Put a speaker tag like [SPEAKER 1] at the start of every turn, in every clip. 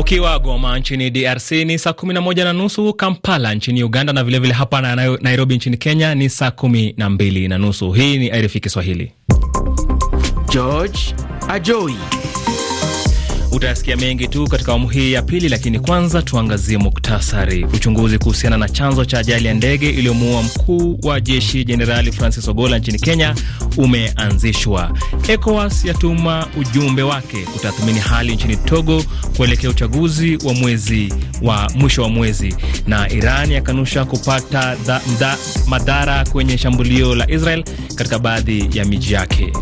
[SPEAKER 1] Ukiwa Goma nchini DRC ni saa kumi na moja na nusu, Kampala nchini Uganda na vilevile vile hapa na Nairobi nchini Kenya ni saa kumi na mbili na nusu. Hii ni RFI Kiswahili.
[SPEAKER 2] George
[SPEAKER 1] Ajoi Utayasikia mengi tu katika awamu hii ya pili, lakini kwanza tuangazie muktasari. Uchunguzi kuhusiana na chanzo cha ajali ya ndege iliyomuua mkuu wa jeshi Jenerali Francis Ogola nchini Kenya umeanzishwa. ECOWAS yatuma ujumbe wake kutathmini hali nchini Togo kuelekea uchaguzi wa mwezi wa mwisho wa mwezi, na Iran yakanusha kupata da, da, madhara kwenye shambulio la Israel katika baadhi ya miji yake.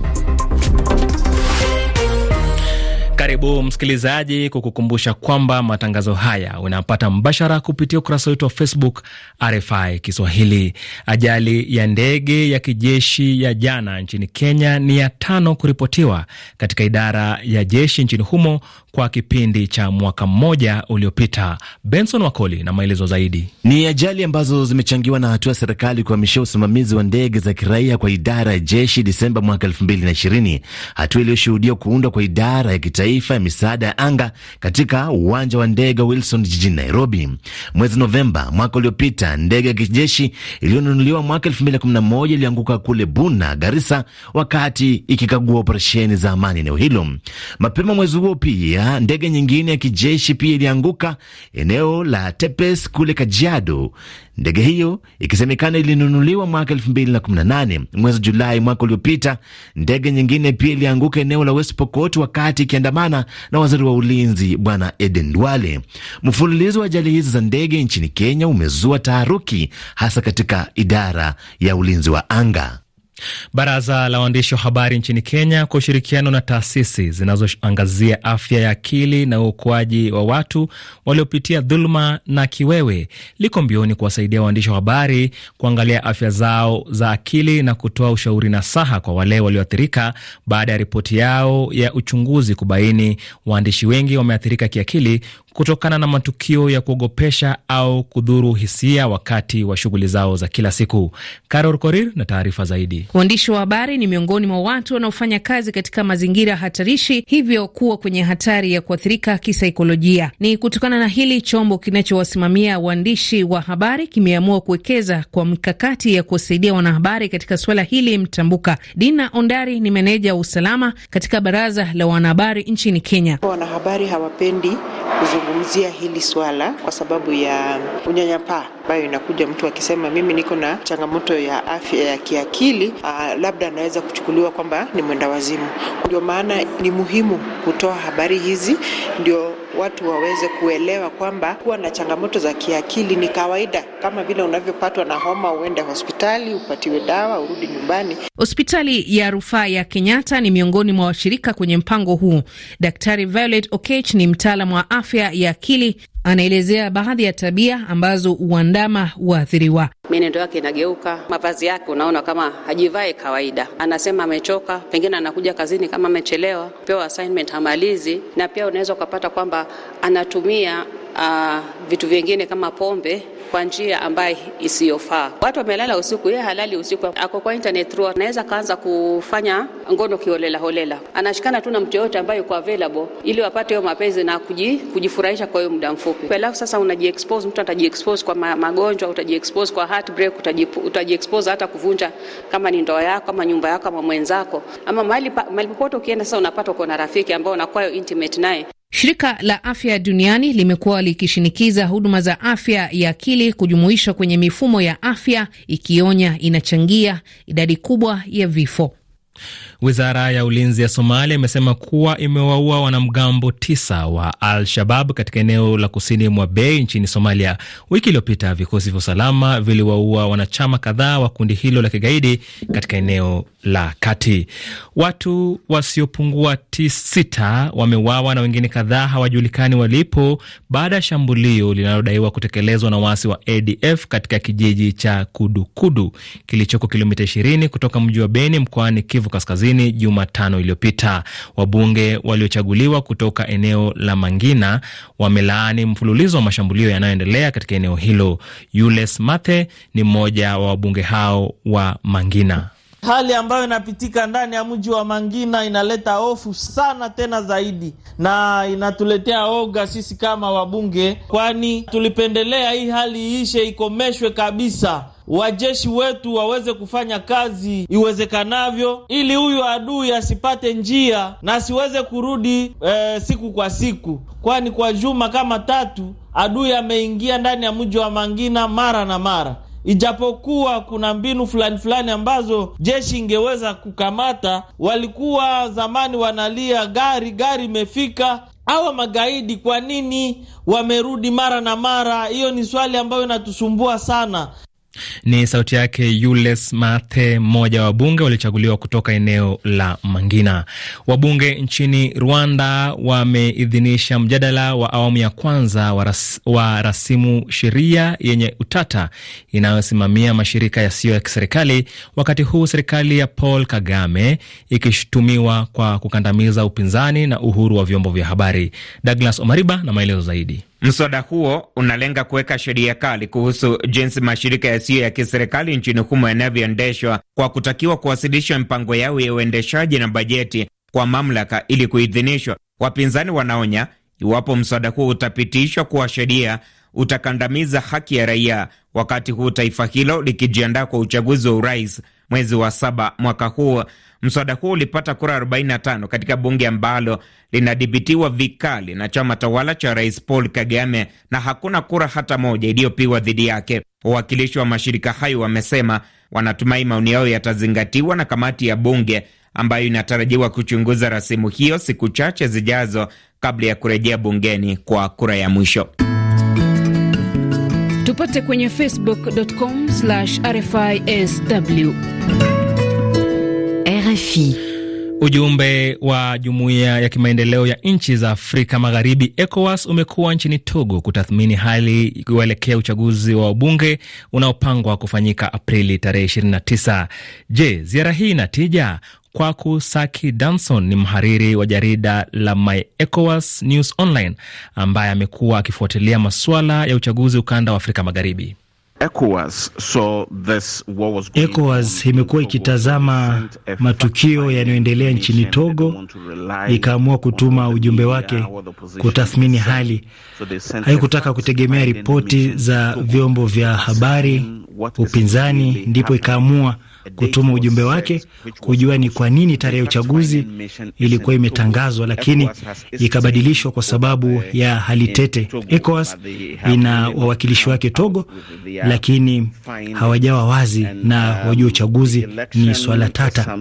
[SPEAKER 1] Karibu msikilizaji, kukukumbusha kwamba matangazo haya unapata mbashara kupitia ukurasa wetu wa Facebook RFI Kiswahili. Ajali ya ndege ya kijeshi ya jana nchini Kenya ni ya tano kuripotiwa katika idara ya jeshi nchini humo, kwa kipindi cha mwaka mmoja uliopita. Benson Wakoli na maelezo zaidi.
[SPEAKER 3] Ni ajali ambazo zimechangiwa na hatua ya serikali kuhamishia usimamizi wa ndege za kiraia kwa idara ya jeshi Disemba mwaka 2020, hatua iliyoshuhudia kuundwa kwa idara ya kitaifa ya misaada ya anga katika uwanja wa ndege Wilson jijini Nairobi. Mwezi Novemba mwaka uliopita, ndege ya kijeshi iliyonunuliwa mwaka 211 ilianguka kule Buna, Garisa, wakati ikikagua operesheni za amani eneo hilo. Mapema mwezi huo pia ndege nyingine ya kijeshi pia ilianguka eneo la Tepes kule Kajiado, ndege hiyo ikisemekana ilinunuliwa mwaka 2018. Mwezi Julai mwaka uliopita, ndege nyingine pia ilianguka eneo la West Pokot wakati ikiandamana na waziri wa ulinzi Bwana Eden Duale. Mfululizo wa ajali hizi za ndege nchini Kenya umezua taharuki, hasa katika idara ya ulinzi wa anga.
[SPEAKER 1] Baraza la waandishi wa habari nchini Kenya kwa ushirikiano na taasisi zinazoangazia afya ya akili na uokoaji wa watu waliopitia dhuluma na kiwewe liko mbioni kuwasaidia waandishi wa habari kuangalia afya zao za akili na kutoa ushauri na saha kwa wale walioathirika baada ya ripoti yao ya uchunguzi kubaini waandishi wengi wameathirika kiakili kutokana na matukio ya kuogopesha au kudhuru hisia wakati wa shughuli zao za kila siku. Carol Korir na taarifa zaidi.
[SPEAKER 4] Waandishi wa habari ni miongoni mwa watu wanaofanya kazi katika mazingira hatarishi, hivyo kuwa kwenye hatari ya kuathirika kisaikolojia. Ni kutokana na hili, chombo kinachowasimamia waandishi wa habari kimeamua kuwekeza kwa mkakati ya kuwasaidia wanahabari katika suala hili mtambuka. Dina Ondari ni meneja wa usalama katika baraza la wanahabari nchini Kenya.
[SPEAKER 2] Wanahabari hawapendi kuzungumzia hili swala kwa sababu ya unyanyapaa ambayo inakuja mtu akisema mimi niko na changamoto ya afya ya kiakili, aa, ah, labda anaweza kuchukuliwa kwamba ni mwenda wazimu. Ndio maana ni muhimu kutoa habari hizi ndio watu waweze kuelewa kwamba kuwa na changamoto za kiakili ni kawaida, kama vile unavyopatwa na homa uende hospitali upatiwe dawa urudi nyumbani.
[SPEAKER 4] Hospitali ya rufaa ya Kenyatta ni miongoni mwa washirika kwenye mpango huu. Daktari Violet Okech ni mtaalam wa afya ya akili anaelezea baadhi ya tabia ambazo uandama waathiriwa. Mienendo yake inageuka, mavazi yake unaona kama hajivae kawaida, anasema amechoka, pengine anakuja kazini kama amechelewa, pewa assignment hamalizi, na pia unaweza ukapata kwamba anatumia Uh, vitu vingine kama pombe kwa njia ambayo isiyofaa. Watu wamelala usiku, yeye halali usiku, ako kwa internet through, anaweza kaanza kufanya ngono kiholela holela, anashikana tu na mtu yoyote ambaye yuko available ili wapate hiyo mapenzi na kuji, kujifurahisha kwa hiyo muda mfupi. Alafu sasa unajiexpose, mtu atajiexpose kwa magonjwa, utajiexpose kwa heartbreak, utajiexpose hata kuvunja kama ni ndoa yako ama nyumba yako ama mwenzako ama mahali popote ukienda. Sasa unapata uko na rafiki ambao unakuwa intimate naye. Shirika la Afya Duniani limekuwa likishinikiza huduma za afya ya akili kujumuishwa kwenye mifumo ya afya, ikionya inachangia idadi kubwa ya vifo.
[SPEAKER 1] Wizara ya ulinzi ya Somalia imesema kuwa imewaua wanamgambo tisa wa Al-Shabab katika eneo la kusini mwa Bei nchini Somalia. Wiki iliyopita vikosi vya usalama viliwaua wanachama kadhaa wa kundi hilo la kigaidi katika eneo la kati. Watu wasiopungua sita wamewawa na wengine kadhaa hawajulikani walipo baada ya shambulio linalodaiwa kutekelezwa na waasi wa ADF katika kijiji cha Kudukudu kilichoko kilomita 20 kutoka mji wa Beni mkoani Kivu Kivu Kaskazini Jumatano iliyopita. Wabunge waliochaguliwa kutoka eneo la Mangina wamelaani mfululizo wa mashambulio yanayoendelea katika eneo hilo. Yules Mathe ni mmoja wa wabunge hao wa Mangina. Hali ambayo inapitika ndani ya mji wa Mangina inaleta hofu sana tena zaidi, na inatuletea oga sisi kama wabunge, kwani tulipendelea hii hali iishe, ikomeshwe kabisa wajeshi wetu waweze kufanya kazi iwezekanavyo, ili huyu adui asipate njia na asiweze kurudi e, siku kwa siku, kwani kwa juma kama tatu adui ameingia ndani ya mji wa Mangina mara na mara ijapokuwa kuna mbinu fulani fulani ambazo jeshi ingeweza kukamata. Walikuwa zamani wanalia
[SPEAKER 2] gari gari imefika. Hawa magaidi kwa nini wamerudi mara na mara? Hiyo ni swali ambayo inatusumbua sana.
[SPEAKER 1] Ni sauti yake Yules Mathe, mmoja wa wabunge waliochaguliwa kutoka eneo la Mangina. Wabunge nchini Rwanda wameidhinisha mjadala wa awamu ya kwanza wa, ras, wa rasimu sheria yenye utata inayosimamia mashirika yasiyo ya kiserikali, wakati huu serikali ya Paul Kagame ikishutumiwa kwa kukandamiza upinzani na uhuru wa vyombo vya habari. Douglas Omariba na maelezo zaidi. Mswada huo unalenga kuweka sheria kali kuhusu jinsi mashirika yasiyo ya kiserikali nchini humo yanavyoendeshwa kwa kutakiwa kuwasilisha mipango yao ya uendeshaji na bajeti kwa mamlaka ili kuidhinishwa. Wapinzani wanaonya iwapo mswada huo utapitishwa kuwa sheria utakandamiza haki ya raia, wakati huu taifa hilo likijiandaa kwa uchaguzi wa urais mwezi wa saba mwaka huu. Mswada huo ulipata kura 45 katika bunge ambalo linadhibitiwa vikali na chama tawala cha Rais Paul Kagame na hakuna kura hata moja iliyopigwa dhidi yake. Wawakilishi wa mashirika hayo wamesema wanatumai maoni yao yatazingatiwa na kamati ya bunge ambayo inatarajiwa kuchunguza rasimu hiyo siku chache zijazo kabla ya kurejea bungeni kwa kura ya mwisho.
[SPEAKER 4] Tupate kwenye facebook.com/rfisw
[SPEAKER 1] RFI. Ujumbe wa jumuiya ya kimaendeleo ya nchi za Afrika Magharibi, ECOWAS, umekuwa nchini Togo kutathmini hali kuelekea uchaguzi wa ubunge unaopangwa kufanyika Aprili tarehe 29. Je, ziara hii ina tija? Kwaku Saki Danson ni mhariri wa jarida la My ECOWAS News Online ambaye amekuwa akifuatilia masuala ya uchaguzi ukanda wa Afrika Magharibi. ECOWAS
[SPEAKER 3] imekuwa ikitazama matukio yanayoendelea nchini Togo, ikaamua kutuma ujumbe wake kutathmini hali. Haikutaka kutegemea ripoti za vyombo vya habari, upinzani, ndipo ikaamua kutuma ujumbe wake kujua ni kwa nini tarehe ya uchaguzi ilikuwa imetangazwa lakini ikabadilishwa kwa sababu ya hali tete. ECOWAS ina wawakilishi wake Togo, lakini hawajawa wazi na wajua uchaguzi ni swala tata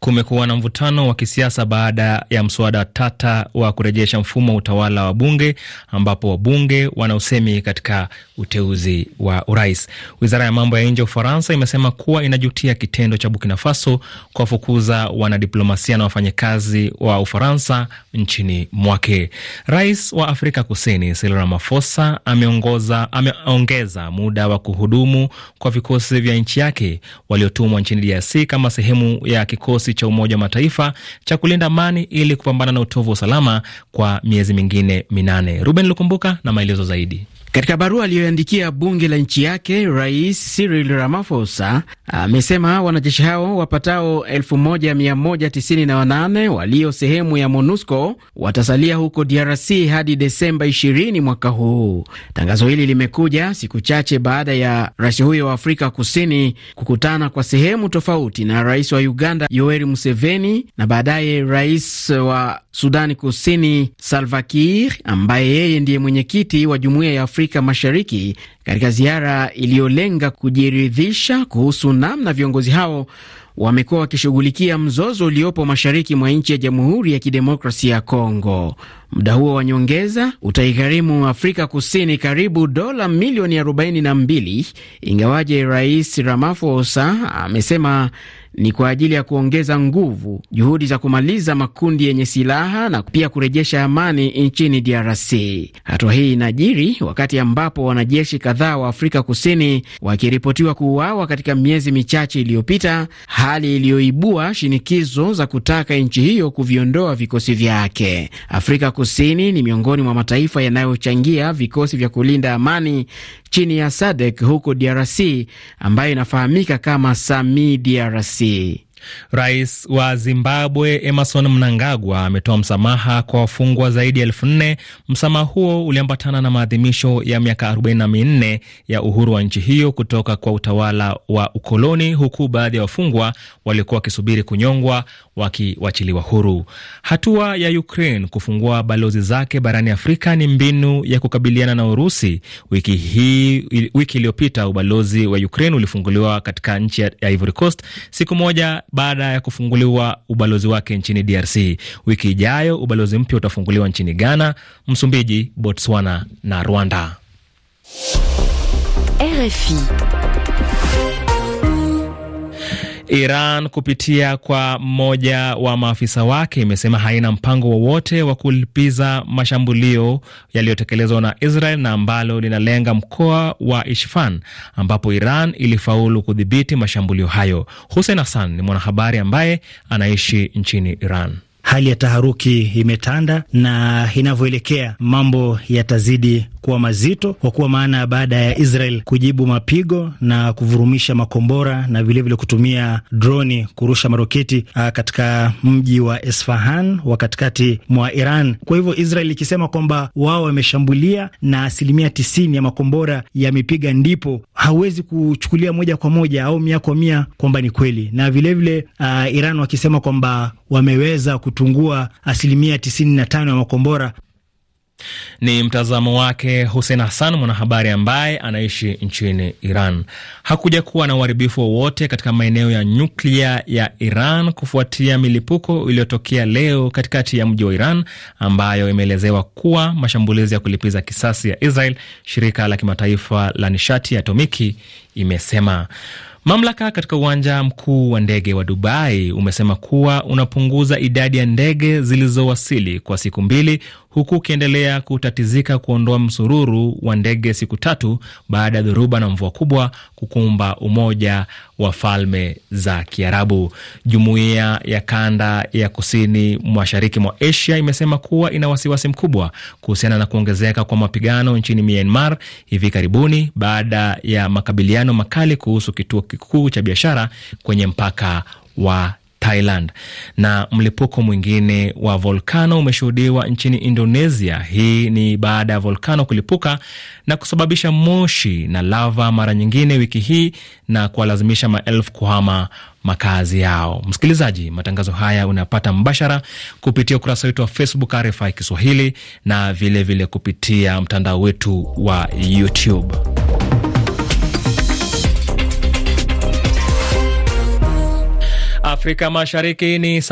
[SPEAKER 1] kumekuwa na mvutano wa kisiasa baada ya mswada tata wa kurejesha mfumo wa utawala wa bunge ambapo wabunge wana usemi katika uteuzi wa urais. Wizara ya mambo ya nje ya Ufaransa imesema kuwa inajutia kitendo cha Burkina Faso kuwafukuza wanadiplomasia na wafanyakazi wa Ufaransa nchini mwake. Rais wa Afrika Kusini Cyril Ramaphosa ameongoza ameongeza muda wa kuhudumu kwa vikosi vya nchi yake waliotumwa nchini DRC kama sehemu ya kiko kikosi cha Umoja wa Mataifa cha kulinda amani ili kupambana na utovu wa usalama kwa miezi mingine
[SPEAKER 2] minane. Ruben Lukumbuka na maelezo zaidi. Katika barua aliyoandikia bunge la nchi yake, Rais Cyril Ramaphosa amesema wanajeshi hao wapatao 1198 walio sehemu ya MONUSCO watasalia huko DRC hadi Desemba 20 mwaka huu. Tangazo hili limekuja siku chache baada ya rais huyo wa Afrika Kusini kukutana kwa sehemu tofauti na rais wa Uganda Yoweri Museveni na baadaye rais wa Sudani Kusini Salva Kiir ambaye yeye ndiye mwenyekiti wa Jumuiya ya Afrika Afrika Mashariki katika ziara iliyolenga kujiridhisha kuhusu namna viongozi hao wamekuwa wakishughulikia mzozo uliopo mashariki mwa nchi ya Jamhuri ya Kidemokrasia ya Kongo. Muda huo wa nyongeza utaigharimu Afrika Kusini karibu dola milioni 42, ingawaje Rais Ramaphosa amesema ni kwa ajili ya kuongeza nguvu juhudi za kumaliza makundi yenye silaha na pia kurejesha amani nchini DRC. Hatua hii inajiri wakati ambapo wanajeshi kadhaa wa Afrika Kusini wakiripotiwa kuuawa katika miezi michache iliyopita, hali iliyoibua shinikizo za kutaka nchi hiyo kuviondoa vikosi vyake. Afrika Kusini ni miongoni mwa mataifa yanayochangia vikosi vya kulinda amani chini ya SADC huko DRC ambayo inafahamika kama SAMI DRC. E. Rais wa
[SPEAKER 1] Zimbabwe Emerson Mnangagwa ametoa msamaha kwa wafungwa zaidi ya elfu nne. Msamaha huo uliambatana na maadhimisho ya miaka 44 ya uhuru wa nchi hiyo kutoka kwa utawala wa ukoloni, huku baadhi ya wafungwa waliokuwa wakisubiri kunyongwa wakiwachiliwa huru. Hatua ya Ukraine kufungua balozi zake barani Afrika ni mbinu ya kukabiliana na Urusi. Wiki hii wiki iliyopita ubalozi wa Ukraine ulifunguliwa katika nchi ya Ivory Coast siku moja baada ya kufunguliwa ubalozi wake nchini DRC. Wiki ijayo ubalozi mpya utafunguliwa nchini Ghana, Msumbiji, Botswana na Rwanda. RFI. Iran kupitia kwa mmoja wa maafisa wake imesema haina mpango wowote wa, wa kulipiza mashambulio yaliyotekelezwa na Israel na ambalo linalenga mkoa wa Isfahan ambapo Iran ilifaulu kudhibiti mashambulio hayo. Hussein Hassan ni mwanahabari ambaye anaishi nchini Iran hali ya taharuki imetanda na inavyoelekea
[SPEAKER 3] mambo yatazidi kuwa mazito, kwa kuwa maana baada ya Israel kujibu mapigo na kuvurumisha makombora na vilevile kutumia droni kurusha maroketi ah, katika mji wa Esfahan wa katikati mwa Iran. Kwa hivyo Israel ikisema kwamba wao wameshambulia na asilimia tisini ya makombora yamepiga, ndipo hauwezi kuchukulia moja kwa moja au mia kwa mia kwamba ni kweli, na vilevile vile, uh, Iran wakisema kwamba wameweza kutungua asilimia tisini na tano ya makombora
[SPEAKER 1] ni mtazamo wake Hussein Hassan, mwanahabari ambaye anaishi nchini Iran. Hakuja kuwa na uharibifu wowote katika maeneo ya nyuklia ya Iran kufuatia milipuko iliyotokea leo katikati ya mji wa Iran, ambayo imeelezewa kuwa mashambulizi ya kulipiza kisasi ya Israel. Shirika la kimataifa la nishati ya atomiki imesema Mamlaka katika uwanja mkuu wa ndege wa Dubai umesema kuwa unapunguza idadi ya ndege zilizowasili kwa siku mbili, huku ukiendelea kutatizika kuondoa msururu wa ndege siku tatu baada ya dhoruba na mvua kubwa kukumba Umoja wa Falme za Kiarabu. Jumuiya ya kanda ya kusini mashariki mwa Asia imesema kuwa ina wasiwasi mkubwa kuhusiana na kuongezeka kwa mapigano nchini Myanmar hivi karibuni baada ya makabiliano makali kuhusu kituo kikuu cha biashara kwenye mpaka wa Thailand. Na mlipuko mwingine wa volkano umeshuhudiwa nchini Indonesia. Hii ni baada ya volkano kulipuka na kusababisha moshi na lava mara nyingine wiki hii na kuwalazimisha maelfu kuhama makazi yao. Msikilizaji, matangazo haya unayapata mbashara kupitia ukurasa wetu wa Facebook RFI Kiswahili na vilevile vile kupitia mtandao wetu wa YouTube. Afrika Mashariki ni